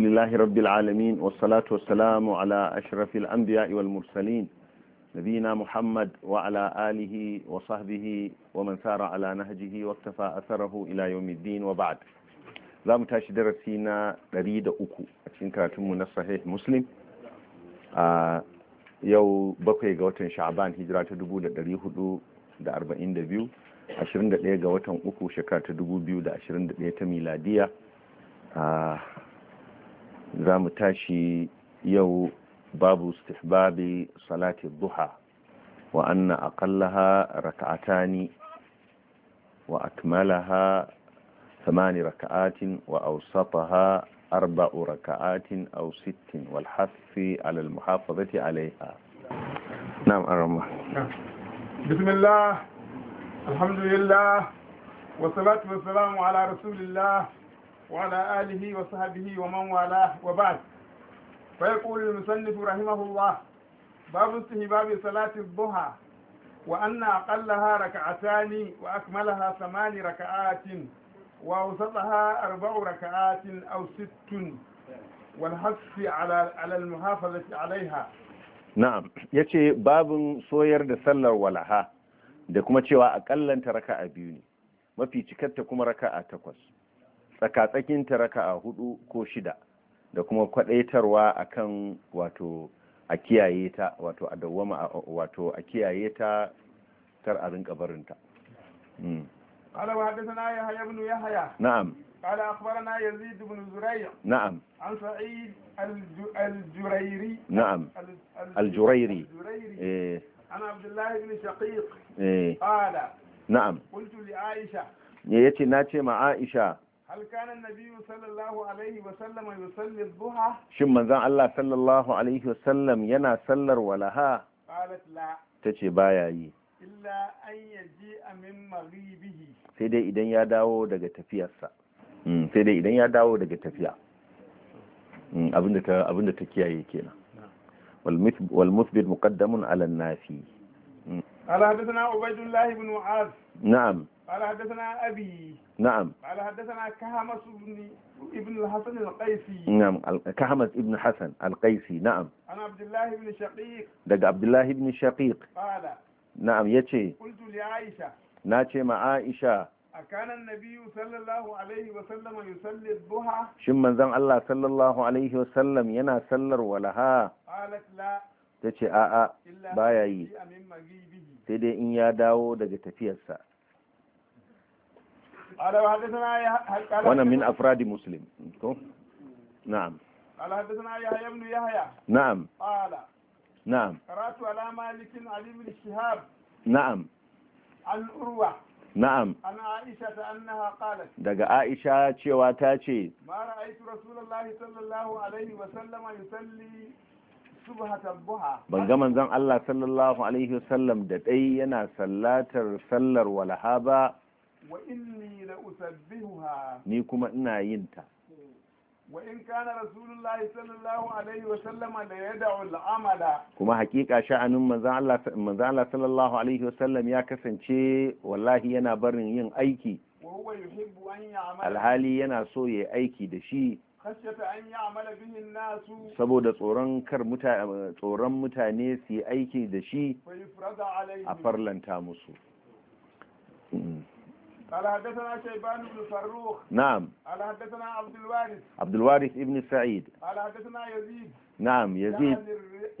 Alhamdulillahi Rabbil Alamin ala ashirafil an biya Mursalin, Nabi na Muhammad wa alihi wa a sarrafu ila yau middin wa tashi da na ɗari a cikin karatunmu na sahih muslim a yau bakwai ga watan sha'aban hijira ta dubu da ɗari hudu ta miladiya. Ah, za mu tashi yau babu istihbabi salati duha wa anna aqallaha raka'atani wa akmalaha thamani raka'atin wa awsataha arba'u raka'atin aw sittin wal hafi ala al muhafazati alayha na'am arama bismillah alhamdulillah wa salatu wa salam ala rasulillah وعلى آله وصحبه ومن والاه وبعد فيقول المصنف رحمه الله باب استهباب صلاة الضحى وأن أقلها ركعتان وأكملها ثمان ركعات وأوسطها أربع ركعات أو ست والحث على على المحافظة عليها na'am ya ce babin soyar da sallar walaha da kuma cewa akallanta raka'a biyu ne mafi cikarta kuma raka'a takwas tsakatsakin a hudu ko shida da kuma kwadaitarwa a kan wato a kiyaye ta wato a dawwama wato a kiyaye ta kar a rinka barinta hmm. ala wa hadda sana ya haya ya haya na'am ala akbara na yanzu ibn zurayya na'am an sa'id al na'am al eh. ana abdullahi eh. na'am aisha yace na ce ma aisha hal nabiyyu shin manzon Allah sallallahu alaihi yana sallar walaha qalat la tace baya yi illa sai dai idan ya dawo daga tafiyarsa sai dai idan ya dawo daga tafiya abinda ta ta kiyaye kenan wal muthbit muqaddamun ala nafi قال حدثنا عبيد الله بن نعم قال حدثنا أبي نعم قال حدثنا كهمس بن ابن الحسن القيسي نعم كهمس ابن حسن القيسي نعم أنا عبد الله بن شقيق دق عبد الله بن شقيق قال نعم يتي قلت لعائشة ناتي مع عائشة أكان النبي صلى الله عليه وسلم يصلي الضحى شم من زم الله صلى الله عليه وسلم ينا سلر ولها قالت لا تتي آآ بايا يي sai dai in ya dawo daga tafiyarsa Wannan min وانا من افراد Na'am. قال حدثنا يحيى بن يحيى نعم قال نعم قرات على مالك علي بن الشهاب نعم عن Na'am. annaha Daga Aisha cewa ta ce. Ma ra'aytu Ban ga manzon Allah sallallahu alaihi wa sallam da dai yana sallatar sallar walaha ba wa inni la usabbihuha ni kuma ina yin ta wa in kana rasulullahi sallallahu alaihi wa sallam la yad'u al-amala kuma hakika sha'anin manzon Allah manzon Allah sallallahu alaihi wa sallam ya kasance wallahi yana barin yin aiki wa huwa yuhibbu an ya'mala alhali yana so yayi aiki da shi an bihi an-nasu saboda tsoron kar mutane tsoron mutane su yi aiki da shi a farlanta musu mm. قال حدثنا شيبان بن فروخ نعم قال حدثنا عبد الوارث عبد الوارث ابن سعيد قال حدثنا يزيد نعم يزيد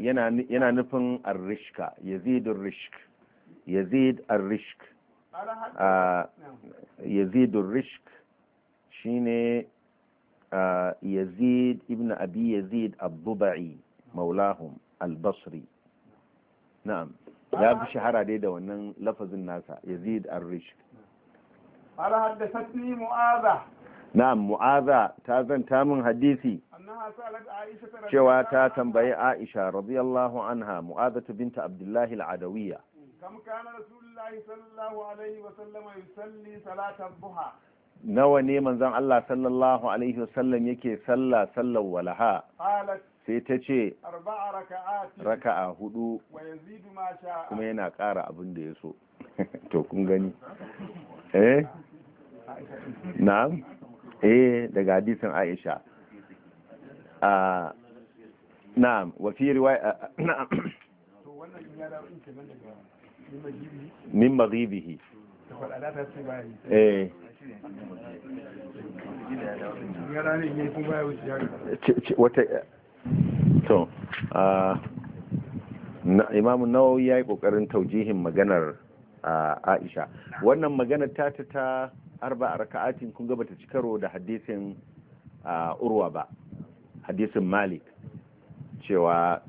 يعني ينا ينا نفن الرشكة يزيد الرشك يزيد الرشك آه يزيد الرشك شيني آه يزيد ابن أبي يزيد الضبعي مولاهم البصري نعم لا بشهر عديدة dai لفظ الناس يزيد الرشك قال حدثتني معاذة نعم معاذة تازن تامن حديثي cewa ta tambayi Aisha radiyallahu anha Mu'adatu binta Abdullahi al nawa ne manzon Allah sallallahu alaihi yake sallah sallar walaha sai ta ce raka'a hudu kuma yana ƙara abin da ya so to kun gani eh na'am eh daga hadisin Aisha a ah, na'am wa fi riwaya ah, ah, na'am min maghibihi eh wata eh, to imamu nawawi ya yi kokarin taujihin maganar aisha wannan maganar ta ta arba raka'atin kun ga bata ci karo da hadisin urwa ba hadisin malik cewa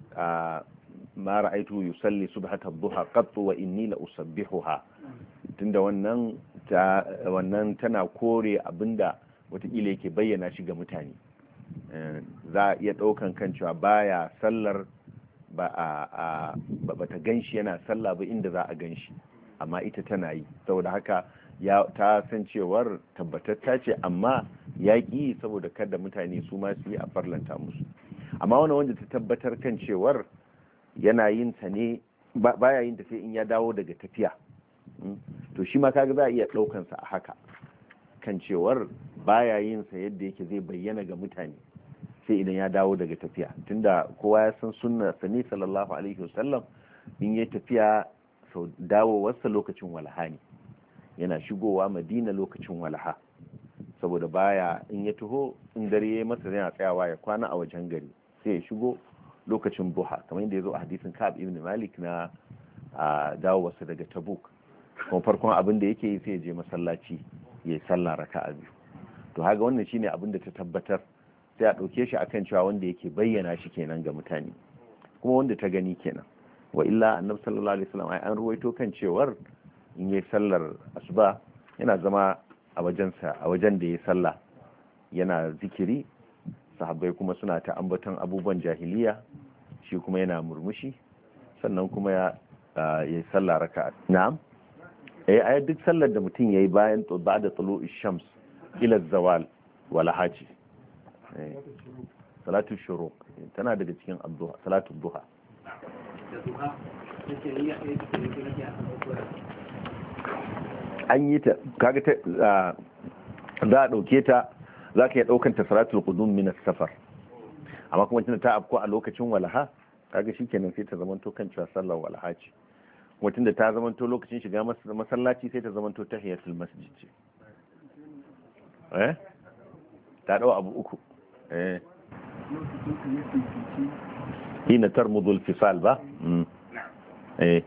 ma ra'aitu yusalli subhata dhuha qattu wa inni la usabbihuha tunda wannan wannan tana kore abinda watakila yake bayyana shi ga mutane za a iya ɗaukan kan cewa baya sallar ba ba ta ganshi yana sallah ba inda za a ganshi amma ita tana yi saboda haka ya ta san cewar tabbatar ta ce amma ya ƙi saboda kada mutane su ma su yi a farlanta musu amma wani wanda ta tabbatar kan cewar yana yin ta ne baya yin ta sai in ya dawo daga tafiya hmm? to shi ma kaga za a iya ɗaukansa a haka kan cewar baya yin sa yadda yake zai bayyana ga mutane sai idan ya dawo daga tafiya tunda kowa ya san sunna sani sallallahu alaihi wasallam in ya tafiya sau dawowarsa lokacin walhani yana shigowa madina lokacin walaha saboda baya in ya taho in dare ya masa yana tsayawa ya kwana a wajen gari sai ya shigo lokacin buha kamar yadda ya zo a hadisin kab ibn malik na dawo wasu daga tabuk kuma farkon abin da yake yi sai ya je masallaci ya yi sallah raka'a biyu to haga wannan shine abin da ta tabbatar sai a ɗauke shi akan cewa wanda yake bayyana shi kenan ga mutane kuma wanda ta gani kenan wa illa annabi sallallahu alaihi wasallam ai an ruwaito kan cewar in yi sallar asuba yana zama a wajensa a wajen da ya sallah yana zikiri sahabbai kuma suna ta ambaton abubuwan jahiliya shi kuma yana murmushi sannan kuma ya yi sallah raka na'am eh duk sallar da mutum yayi bayan ba da tsalo shams ila zawal wa haji salatu shuruq tana daga cikin salatu duha an yi ta kaga ta za a ɗauke ta za ka iya ɗaukan ta salatul qudum min safar amma kuma tunda ta afko a lokacin walaha kaga shikenan sai ta zamanto kan cewa sallar walaha ce kuma tunda ta zamanto lokacin shiga masallaci sai ta zamanto tahiyatul masjid ce eh ta dau abu uku eh hina tarmudul fisal ba mm. eh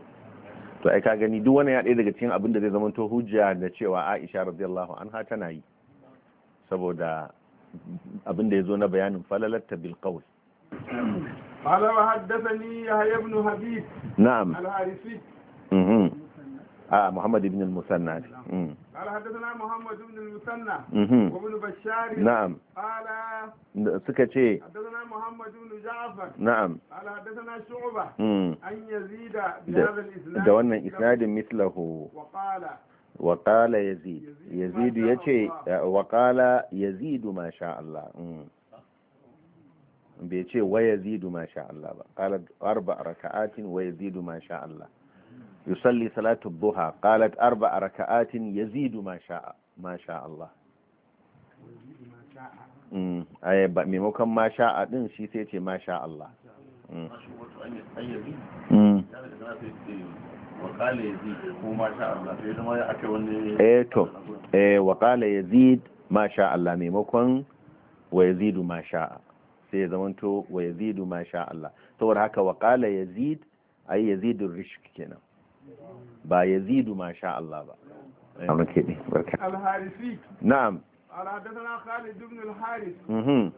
to ai ka gani duk wani ya ɗaya daga cikin abin da zai zama to hujja da cewa Aisha radiyallahu anha tana yi saboda abin da ya zo na bayanin falalatta bil qawl قال وحدثني يحيى بن حبيب نعم الحارثي آه محمد بن المثنى قال حدثنا محمد بن المثنى وابن بشار نعم قال سكتي حدثنا محمد بن جعفر نعم قال حدثنا شعبة أن يزيد بهذا الإسناد دوانا إسناد مثله وقال وقال يزيد يزيد يجي آه، وقال يزيد ما شاء الله bai ويزيد ما شاء الله sha أربع ركعات ويزيد ما شاء الله yusalli salatu duha qalat arba'a raka'atin yazidu ma sha'a ma sha Allah mm, ai ba maimakon ma sha'a din shi sai ce ma sha Allah mm. Mm. eh to eh, yazid ma sha Allah maimakon wa yazidu ma sha'a sai ya zamanto wa yazidu ma sha Allah saboda haka waqala yazid ai yazidur rishiki kenan ba يزيد ما شاء Allah ba eh. al na'am قال حدثنا خالد بن الحارث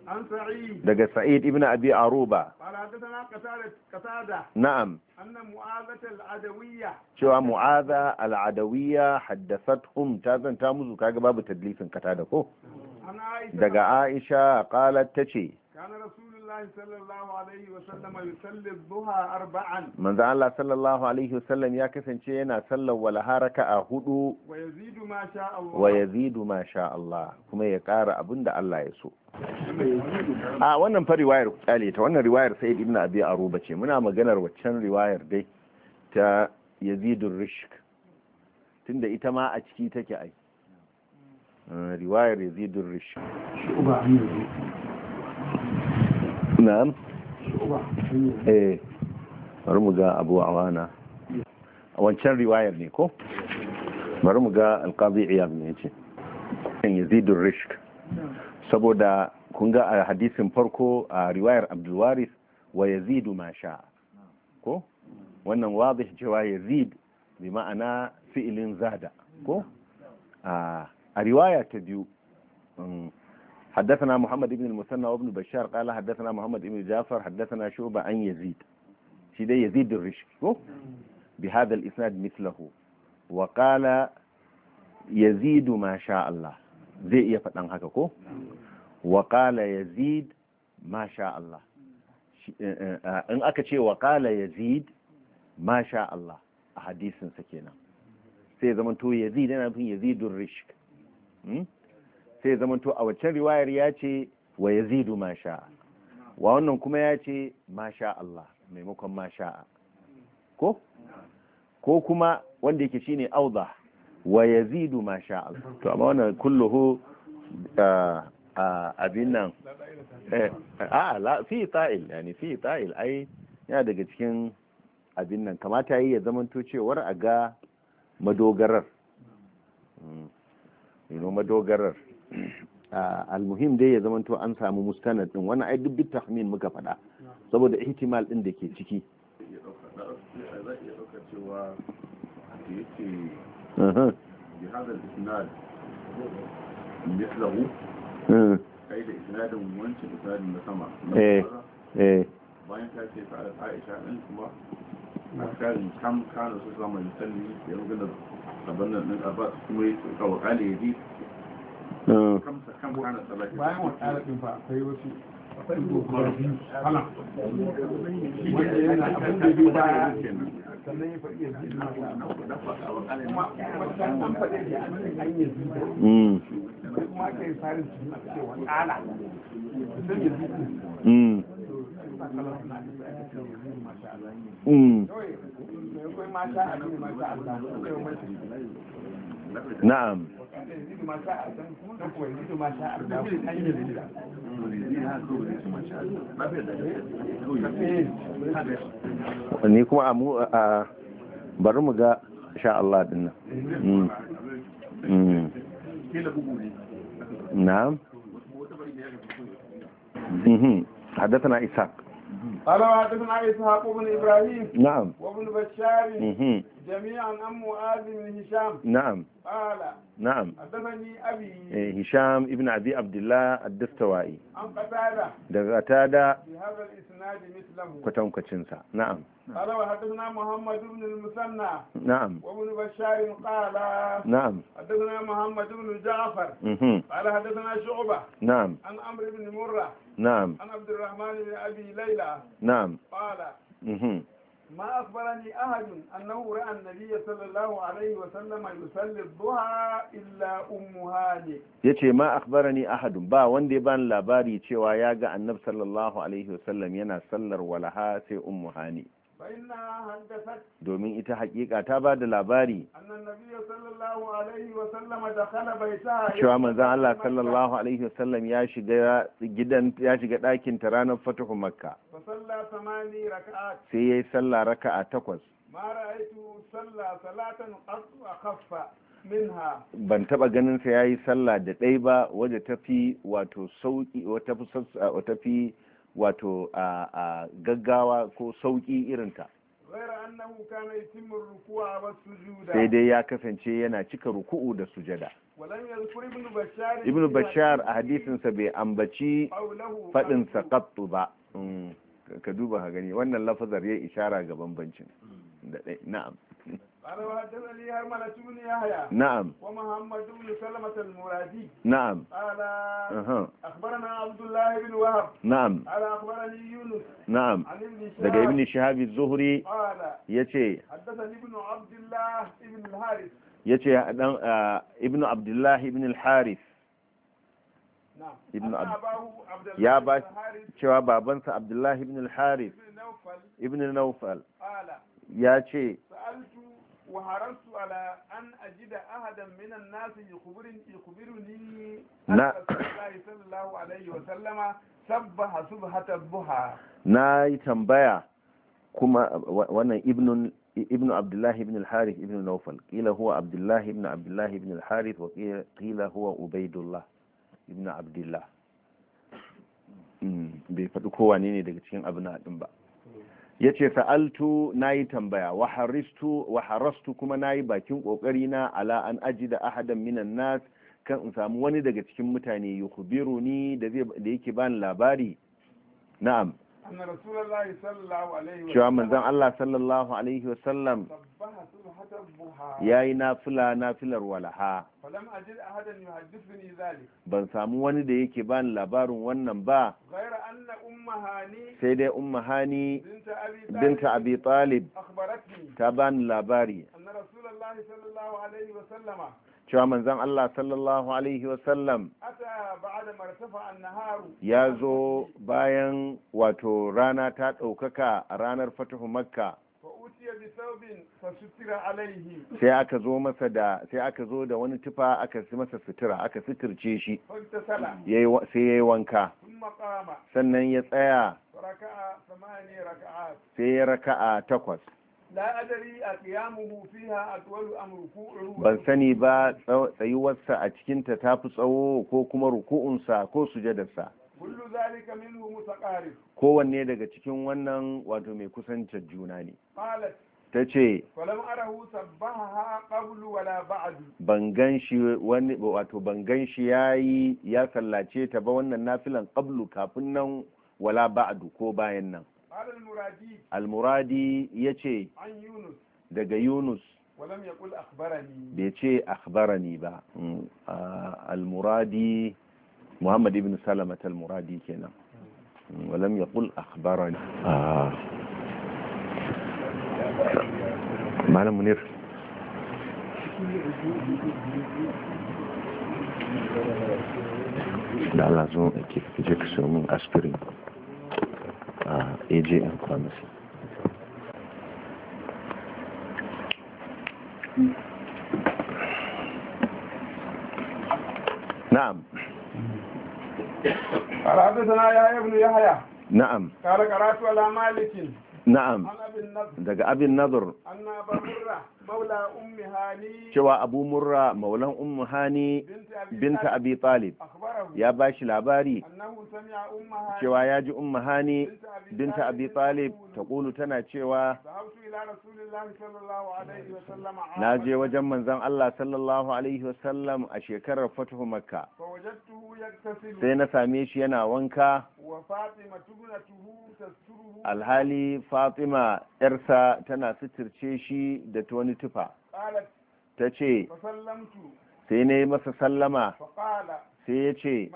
عن سعيد دقى سعيد ابن أبي عروبة على حدثنا قتادة قتادة نعم أن معاذة العدوية شو معاذة العدوية حدثتهم تازن تامز كاقباب تدليس قتادة كو دقى عائشة قالت تشي كان رسول الله صلى الله عليه وسلم ya kasance yana من ذا الله صلى الله عليه وسلم يا كسن شينا صلى ولا هارك أهدو ويزيد ما شاء الله a wannan fa riwayar kale ta wannan riwayar sai ibn abi aruba ce muna maganar waccan riwayar dai ta yazidur rishk tunda ita ma a ciki take ai eh, riwayar yazidur rishk na'am eh bari mu ga abu awana a wancan riwayar ne ko bari mu ga alqazi iyab ne ce. kan yazidun rishk saboda kun ga a hadisin farko a riwayar Abdulwaris wa yazidu ma sha ko wannan wazi cewa yazid bi ma'ana fi'ilin zada ko a riwaya ta biyu حدثنا محمد بن المثنى وابن بشار قال حدثنا محمد بن جعفر حدثنا شعبة عن يزيد شده يزيد الرشكي بهذا الإسناد مثله وقال يزيد ما شاء الله زي يفتن هكاكو وقال يزيد ما شاء الله ان aka ce wa ƙala yazid masha Allah a hadisinsa kenan sai zaman to yazid yana nufin sai ya zamanto a waccan riwayar ya ce wa yazidu zidu sha'a wa wannan kuma ya ce masha Allah maimakon ma ko ko kuma wanda yake ne auza wa yazidu zidu sha Allah to amma wannan kulluhu abin nan eh, a fi ta'il yani fi ta'il ai yana daga cikin abin nan kamata yi ya zamanto cewar a ga madogarar hmm. madogarar Ah, almuhim dai ya zamanto an samu mustanad din wannan ai duk bit tahmin muka faɗa saboda ihtimal din da ke ciki bayan ta ce tare aisha ɗin eh, kuma eh. a karin kam kano su zama misali ya rugula abin nan ɗin abbas kuma yi kawo kali ya bayan akwai wasu baya Mm. na'am ni kuma a mu a bari mu ga sha Allah din nan mm. Mm. na'am mm-hmm. قال وحدثنا إسحاق بن إبراهيم نعم وابن بشار جميعا ام معاذ بن هشام نعم قال نعم حدثني أبي إيه، هشام ابن أبي عبد الله الدستوائي عن قتادة ده قتادة بهذا الإسناد مثله كتم كتشنسا نعم قال وحدثنا محمد بن المثنى نعم وابن بشار قال نعم حدثنا محمد بن جعفر قال حدثنا شعبة نعم عن عمرو بن مرة نعم عن عبد الرحمن بن أبي ليلى na'am qala ما أخبرني أحد أنه رأى النبي صلى الله عليه وسلم يصلي الضحى إلا أم هاني يتي ما أخبرني أحد با وندي بان لاباري تيوا ياغا النبي صلى الله عليه وسلم ينا سلر ولها سي أم هاني domin ita hakika ta ba da labari cewa manzan Allah sallallahu alaihi wasallam ya shiga gidan ya shiga ɗakin ta ranar fatuhu makka sai ya yi sallah raka a takwas ban taba ganin sa ya yi sallah da ɗai ba wadda ta fi wato sauki wata fi wato a gaggawa ko sauƙi irinta sai dai ya kasance yana cika ruku'u da sujada ibn bashar a hadisinsa bai ambaci faɗinsa ƙattu ba mm, ka duba ka gani wannan lafazar ya ishara ga bambancin hmm. na'am قال وحدثني هرملة بن يحيى نعم ومحمد بن سلمة المرادي نعم قال أه. أخبرنا عبد الله بن وهب نعم قال أخبرني يونس نعم عن ابن شهاب دقى ابن شهاب الزهري قال يتي حدثني ابن عبد الله ابن الحارث يتي ابن عبد الله ابن الحارث ibn ya ba cewa babansa abdullahi ibn al-harith ibn naufal ya ce wa harasu ala an ajida ahadan minan nasu yi kuburin yi kuburin ni ne na kasai san sabba hasu ba hata na tambaya kuma wannan ibnu abdullahi ibn al-harith ibn al-naufal huwa abdullahi ibn abdullahi ibn al-harith wa kila huwa ubaidullah ibn abdullahi hmm, bai faɗi kowane ne daga cikin abin ba ya ce sa'altu na yi tambaya wa harastu kuma na yi bakin ƙoƙari na ala'an an aji da ahadan minan nas kan in samu wani daga cikin mutane yi ni da yake bani labari na'am cewa manzon Allah sallallahu alaihi wasallam ya yi nafila nafilar walaha ban samu wani da yake bani labarin wannan ba sai dai umma hani binta abi ta bani labari cewa manzan Allah sallallahu alaihi wasallam ya zo bayan wato rana ta ɗaukaka a ranar fatahu makka sai aka zo masa da sai aka zo da wani tufa aka si masa sutura aka suturce shi sai ya yi wanka sannan ya tsaya sai ya raka'a takwas a ban sani ba tsayuwarsa a cikin ta fi tsawo ko kuma ruku'unsa ko sujadarsa kowanne daga cikin wannan wato mai kusancin juna ne ta ce ban gan shi wani wato ban gan shi ya ya sallace ta ba wannan nafilan qablu kafin nan wala ba'du ko bayan nan al-muradi ya ce daga yunus bai ce akhbarani ba al-muradi muhammad ibn salamat al-muradi kenan walam ya kul akhbarani malam munir da Allah zo ake fi jika somin aspirin اي جي ام خامس نعم قال حدثنا يا ابن يحيى نعم قال قرات على مالك نعم دقى أبي النضر أن أبا cewa abu murra maulan ummu hani binta abi talib ya ba shi labari cewa ya ji ummu hani binta abi talib ta kulu tana cewa na je wajen manzan Allah sallallahu alaihi wasallam a shekarar fatuhu makka sai na same shi yana wanka alhali fatima yarsa tana suturce shi da ta wani tufa ta ce sai na yi masa sallama sai ya ce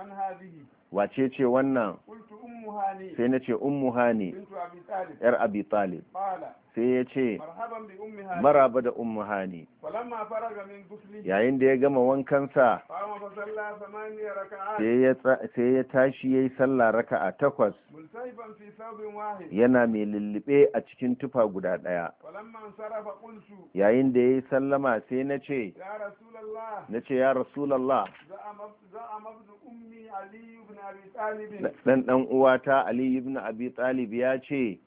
wace ce wannan sai na ce ummuha yar abi talib sai ya ce maraba da umuhani yayin da ya gama wankansa sai ya tashi ya yi sallah raka a takwas yana mai lullube a cikin tufa guda ɗaya yayin da ya yi sallama sai na ce na ce ya rasulallah ɗan ɗan uwata Aliyu ibn abi talib ya ce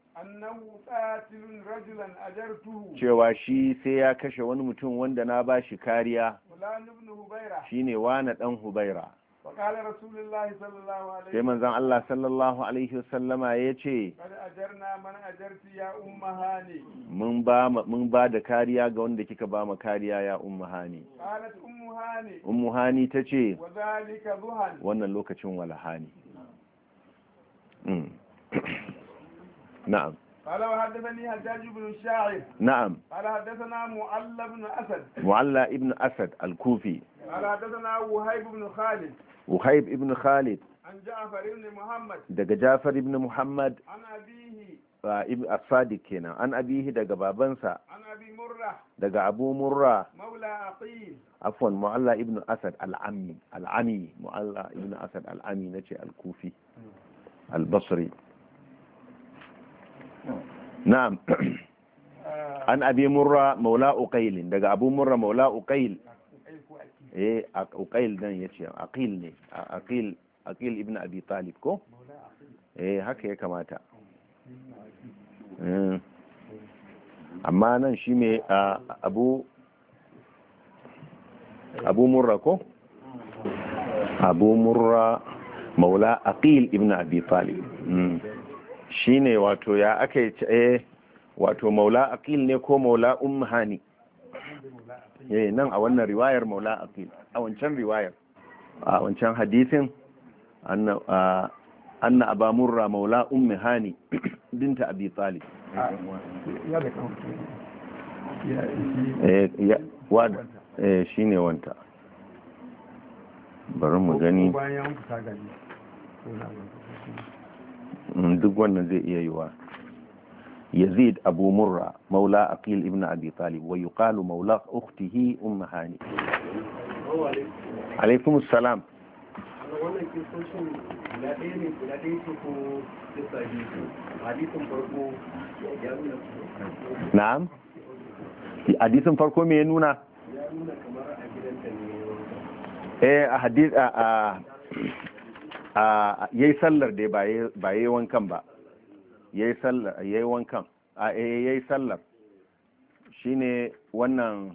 cewa shi sai ya kashe wani mutum wanda na bashi kariya shi ne wani dan hubaira sai manzan Allah sallallahu alaihi wasallama ya ce mun ba da kariya ga wanda kika ba ma kariya ya ummu hani ummu hani ta ce wannan lokacin walahani hmm. na'am قال وحدثني حجاج بن الشاعر نعم قال حدثنا معلى بن أسد معلى ابن أسد الكوفي قال حدثنا وهيب بن خالد وهيب ابن خالد عن جعفر بن محمد دق جعفر بن محمد عن أبيه الصادق كنا عن أبيه دق بابنسا عن أبي مرة دق أبو مرة مولى عقيل عفوا معلى ابن أسد العمي العمي معلى ابن أسد العمي نتي الكوفي البصري an abi murra maula uqail daga abu murra maula uqail eh uqail dan yace aqil ne aqil aqil ibn abi talib ko eh haka ya kamata eh. amma nan shi me abu abu murra ko abu murra maula aqil ibn abi talib hmm. shine wato ya aka yi eh wato maula aqil ne ko maula umhani eh nan a wannan riwayar maula aqil a wancan riwayar a wancan hadisin anna anna aba murra maula umhani binta abi talib eh, eh shi ne wanta bari mu gani duk wannan zai iya yiwa yazid abu murra maula aqil ibn abi talib wa yuqalu maula ukhtihi umm hani alaikum assalam wannan kisoshin guda ɗaya ne guda ɗaya ce ko kisa biyu hadisin farko ya nuna na'am hadisin farko me ya nuna ya nuna kamar a gidanta ne eh a hadis a ya yi sallar dai ba ya yi wankan ba ya yi wankan a eh, ya yi sallar shi ne wannan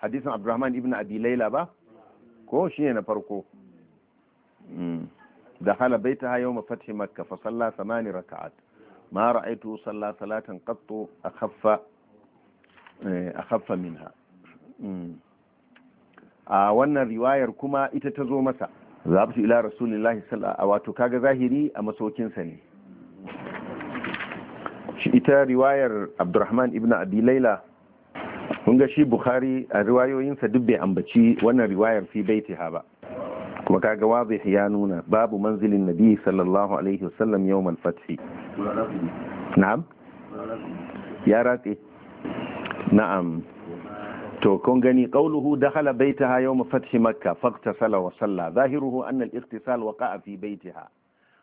hadisun abdurrahman ibn abi laila ba ko shi ne na farko hmm. da hala bai ta hayo mafathi makka fa salla samani raka'at ma ra'aitu salla salatan qattu akhaffa eh, akhaffa minha hmm. a wannan riwayar kuma ita ta zo masa zabtu ila rasulillahi sallallahu wato kaga zahiri a masaukinsa ne shi ita riwayar abdurrahman ibn abi laila kun ga shi bukhari a riwayoyinsa duk bai ambaci wannan riwayar fi baitiha ba kuma kaga wazih ya nuna babu manzilin nabi sallallahu alaihi wasallam yawmal fathi na'am ya na'am تو كونغاني قوله دخل بيتها يوم فتح مكة فاغتسل وصلى ظاهره أن الاغتسال وقع في بيتها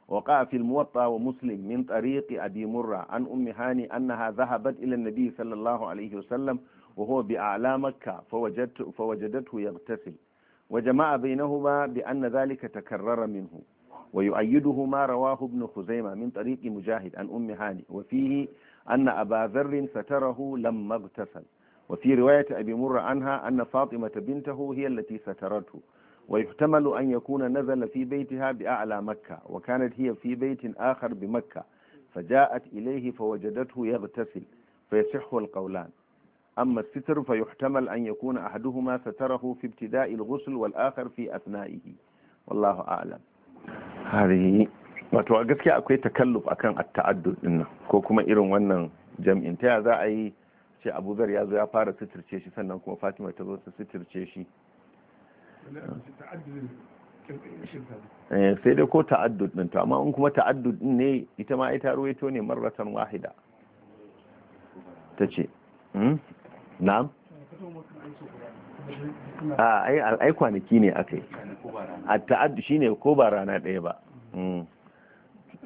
وقع في الموطأ ومسلم من طريق أبي مرة عن أم هاني أنها ذهبت إلى النبي صلى الله عليه وسلم وهو بأعلى مكة فوجدت فوجدته يغتسل وجمع بينهما بأن ذلك تكرر منه ويؤيده ما رواه ابن خزيمة من طريق مجاهد عن أم هاني وفيه أن أبا ذر ستره لما اغتسل وفي رواية أبي مر عنها أن فاطمة بنته هي التي سترته ويحتمل أن يكون نزل في بيتها بأعلى مكة وكانت هي في بيت آخر بمكة فجاءت إليه فوجدته يغتسل فيصح القولان أما الستر فيحتمل أن يكون أحدهما ستره في ابتداء الغسل والآخر في أثنائه والله أعلم هذه ما a gaskiya تكلف takalluf التعدد إنه كوكما إيرون nan جمعين kuma irin ce abu zar ya zo ya fara suturce shi sannan kuma fatima ta zo ta suturce shi eh, sai dai ko ta'addud ɗin to amma in kuma ta'addud ɗin ne ita ma ita ruwaito ne marratan wahida ta ce hmm? na'am a ai kwanaki ne yi a ta'addu ne ko ba rana ɗaya ba hmm.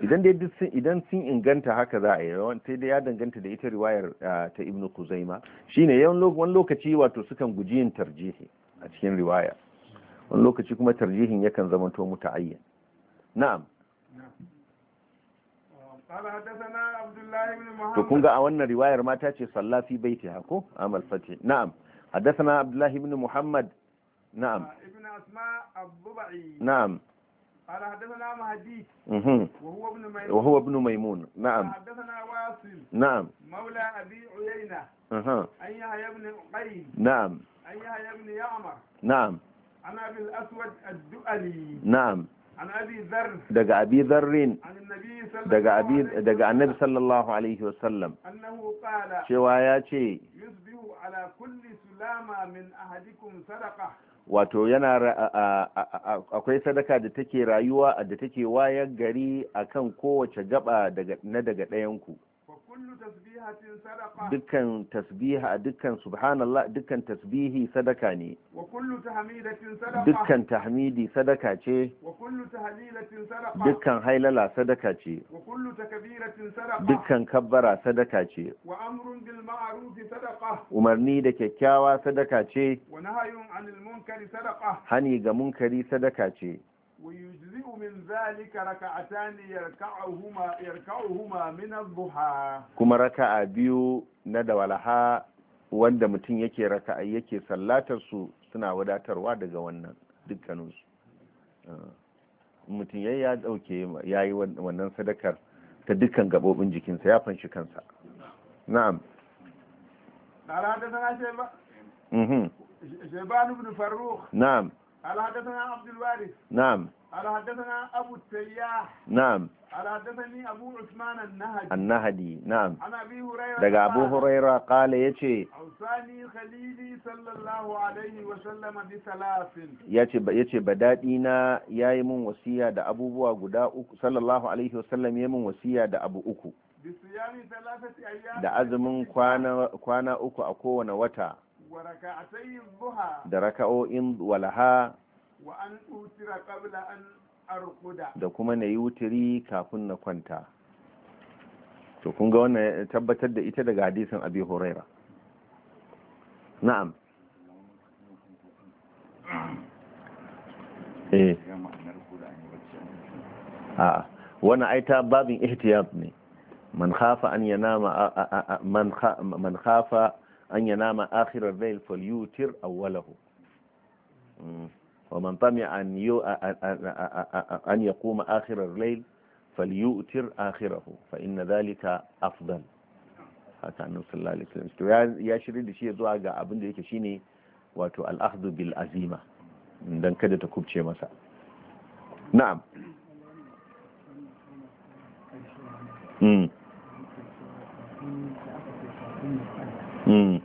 idan dai duk sun idan sun inganta haka za a yi sai dai ya danganta da ita riwayar ah, ta ibn kuzaima shine yawan wani lokaci wato sukan guji yin tarjihi a cikin riwaya wani lokaci kuma tarjihin yakan zama to muta'ayyan na'am to kun ga a wannan riwayar mata ce sallafi baiti hako amal fati na'am حدثنا abdullahi ibn muhammad na'am ibn asma abubai na'am قال حدثنا مهديه وهو ابن ميمون وهو ابن ميمون نعم حدثنا واصل نعم مولى ابي عيينه اها يا ابن قيم نعم اي يا ابن يعمر نعم انا ابي الاسود الدؤلي نعم عن ابي ذر دقى ابي ذر عن النبي صلى الله دقى ابي دقى النبي صلى الله عليه وسلم انه قال شوايا شي يصبح على كل سلامه من احدكم صدقه wato yana akwai sadaka da take rayuwa da take wayar gari akan kowace gaba na daga ɗayanku dukkan tasbiha dukkan subhanallah dukkan tasbihi sadaka ne dukkan tahmidi sadaka ce dukkan hailala sadaka ce dukkan kabbara sadaka ce umarni da kyakkyawa sadaka ce hani ga munkari sadaka ce ويجزئ من ذلك ركعتان يركعهما يركعهما من الضحى كما ركع بيو ندى ولها wanda mutum yake raka'a yake sallatar su suna wadatarwa daga wannan dukkaninsu ah. mutum yayi ya dauke yayi wannan sadakar ta dukkan gabobin jikinsa ya fanshi kansa na'am tare da ce ba mhm shebanu ibn farrukh na'am قال حدثنا عبد الوارث نعم على حدثنا ابو التياح نعم على حدثني ابو عثمان النهدي النهدي نعم عن ابي هريره دقى ابو هريره قال يتي اوصاني خليلي صلى الله عليه وسلم بثلاث يتي يتي بدادينا ياي من وصيه ده أبو بوا غدا صلى الله عليه وسلم يمون وصية دا أبو أكو da azumin kwana uku a kowane wata da raka'o'in walaha da kuma na yi wutiri kafin na kwanta to kun ga wannan tabbatar da ita daga hadisin abi huraira na'am eh, eh. a wannan aita babin ihtiyat ne man khafa an yanama man khafa an yanama akhirar lail falyutir awwalahu mm. wa man tami'a an yu an akhirar akhirahu fa inna dhalika afdal haka annabi sallallahu alaihi ya da shi zuwa ga abin da yake shine wato al bil azima don kada ta kubce masa na'am mm, mm.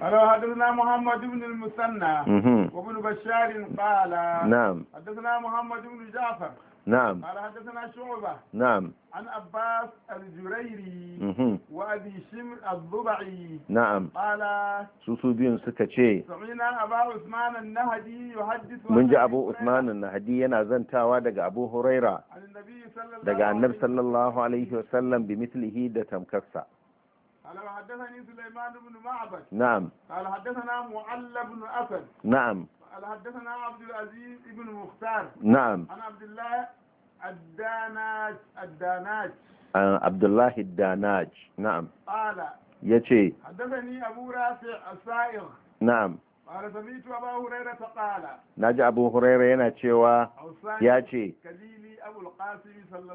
قال حدثنا محمد بن المثنى وابن بشار قال نعم حدثنا محمد بن جعفر نعم قال حدثنا شعبة نعم عن عباس الجريري وأبي شمر الضبعي نعم قال سوسو بيون سكتشي سمعنا أبا عثمان النهدي يحدث من جاء أبو عثمان النهدي ينا زنتاوا دقى أبو هريرة عن النبي صلى الله عليه وسلم بمثله دتم كسا قال حدثني سليمان بن معبد نعم قال حدثنا معل بن أسد نعم قال حدثنا عبد العزيز بن مختار نعم عن عبد الله الداناج الداناج عبد الله الداناج نعم قال يتي حدثني أبو رافع السائغ نعم na ji abu huraira yana cewa ya ce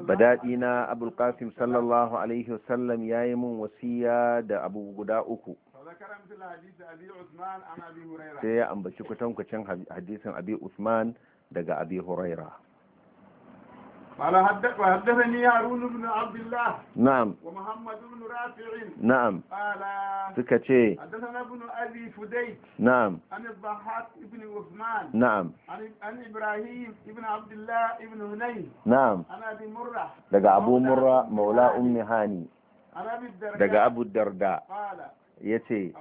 badaɗi na abulkasim sallallahu alaihi wasallam ya yi min wasiya da abu guda uku sai ya ambaci kutankucin hadisin abi usman daga abi huraira قال حدثني هارون بن عبد الله نعم ومحمد بن رافع نعم قال سكتي حدثنا ابن ابي فديت نعم عن الضحاك بن عثمان نعم عن ابراهيم بن عبد الله بن هنين نعم عن ابي مره دقى ابو مره مولى ام هاني عن ابي الدرداء دقى ابو الدرداء قال ya ce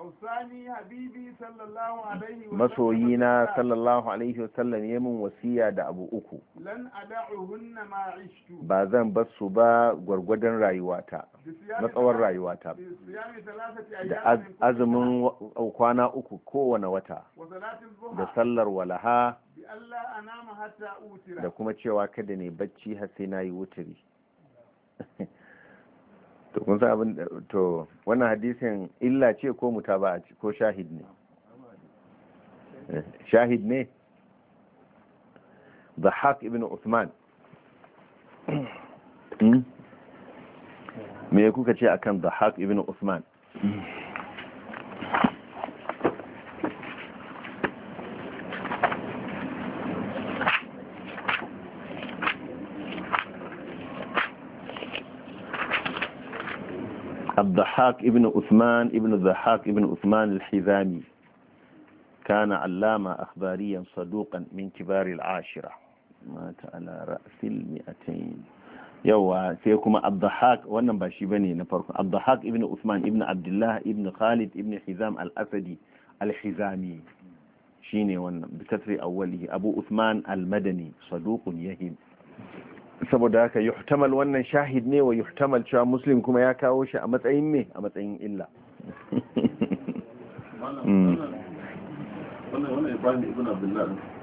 masoyi na sallallahu alaihi wasallam ya min wasiya da abu uku ba zan bar su ba gwargwadon rayuwata matsawar rayuwata da azumin kwana uku kowane wata da sallar walaha da kuma cewa kada ne bacci har sai na yi wuturi to kun san abin to wannan hadisin illa ce ko mutaba ko shahid ne eh, shahid ne Dhahak ibn Usman, hmm? me kuka ce akan Dhahak ibn Usman? Hmm. الضحاك ابن عثمان ابن الضحاك ابن عثمان الحزامي كان علامة أخباريا صدوقا من كبار العاشرة مات على رأس المئتين يوا سيكما الضحاك وانا باشي بني نفرق الضحاك ابن عثمان ابن عبد الله ابن خالد ابن حزام الأسدي الحزامي شيني وانا بكثر أوله أبو عثمان المدني صدوق يهم saboda haka yuhtamal wannan shahid ne wa yuhtamal cewa muslim kuma ya kawo shi a matsayin me a matsayin illa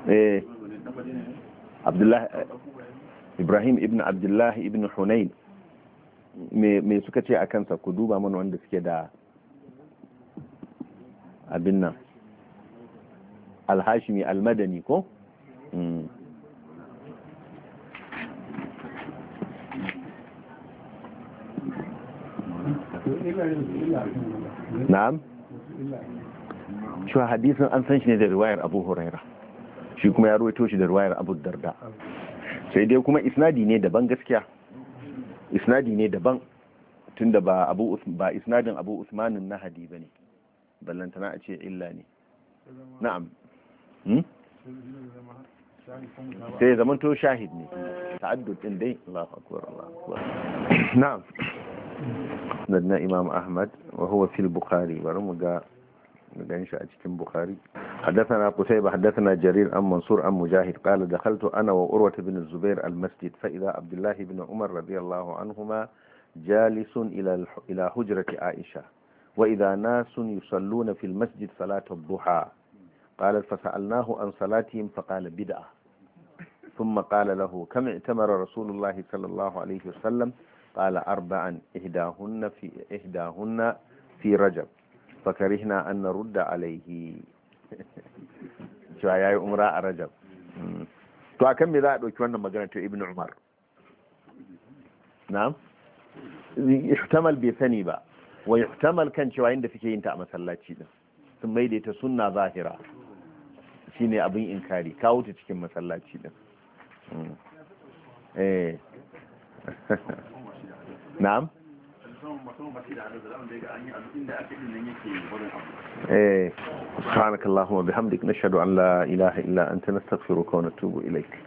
eh. ibrahim ibn abdullahi ibn hunain me suka ce a kansa ku duba mana wanda suke da abin nan alhashimi almadani ko? Hmm. na'am shi hadisin an san shi ne da riwayar abu huraira shi kuma ya ruwaito shi da riwayar abu darda sai dai kuma isnadi ne daban gaskiya isnadi ne daban tunda ba abu ba isnadin abu usmanin na hadi bane ballantana a ce illa ne na'am hmm? sai zamanto shahid ne ta'addud din dai Allahu akbar Allahu akbar na'am na imam ahmad wa huwa fil bukhari bari mu ga gan shi a cikin bukhari حدثنا قتيبة حدثنا جرير عن منصور عن مجاهد قال دخلت أنا وأروة بن الزبير المسجد فإذا عبد الله بن عمر رضي الله عنهما جالس إلى إلى حجرة عائشة وإذا ناس يصلون في المسجد صلاة الضحى قالت فسألناه عن صلاتهم فقال بدعة ثم قال له كم اعتمر رسول الله صلى الله عليه وسلم قال arba'an ihdahunna fi ihdahunna fi رجب فكرهنا an نرد عليه cewa yayi umra a rajab to akan me za a wannan magana ta Ibn umar na'am yuhtamal bai sani ba wa yuhtamal kan cewa inda suke yin ta a masallaci din sun maidaita sunna zahira shine abin inkari kawo ta cikin masallaci din da da na'am eh subhanakallahumma bihamdik nashhadu an la ilaha illa anta nastaghfiruka wa natubu ilayk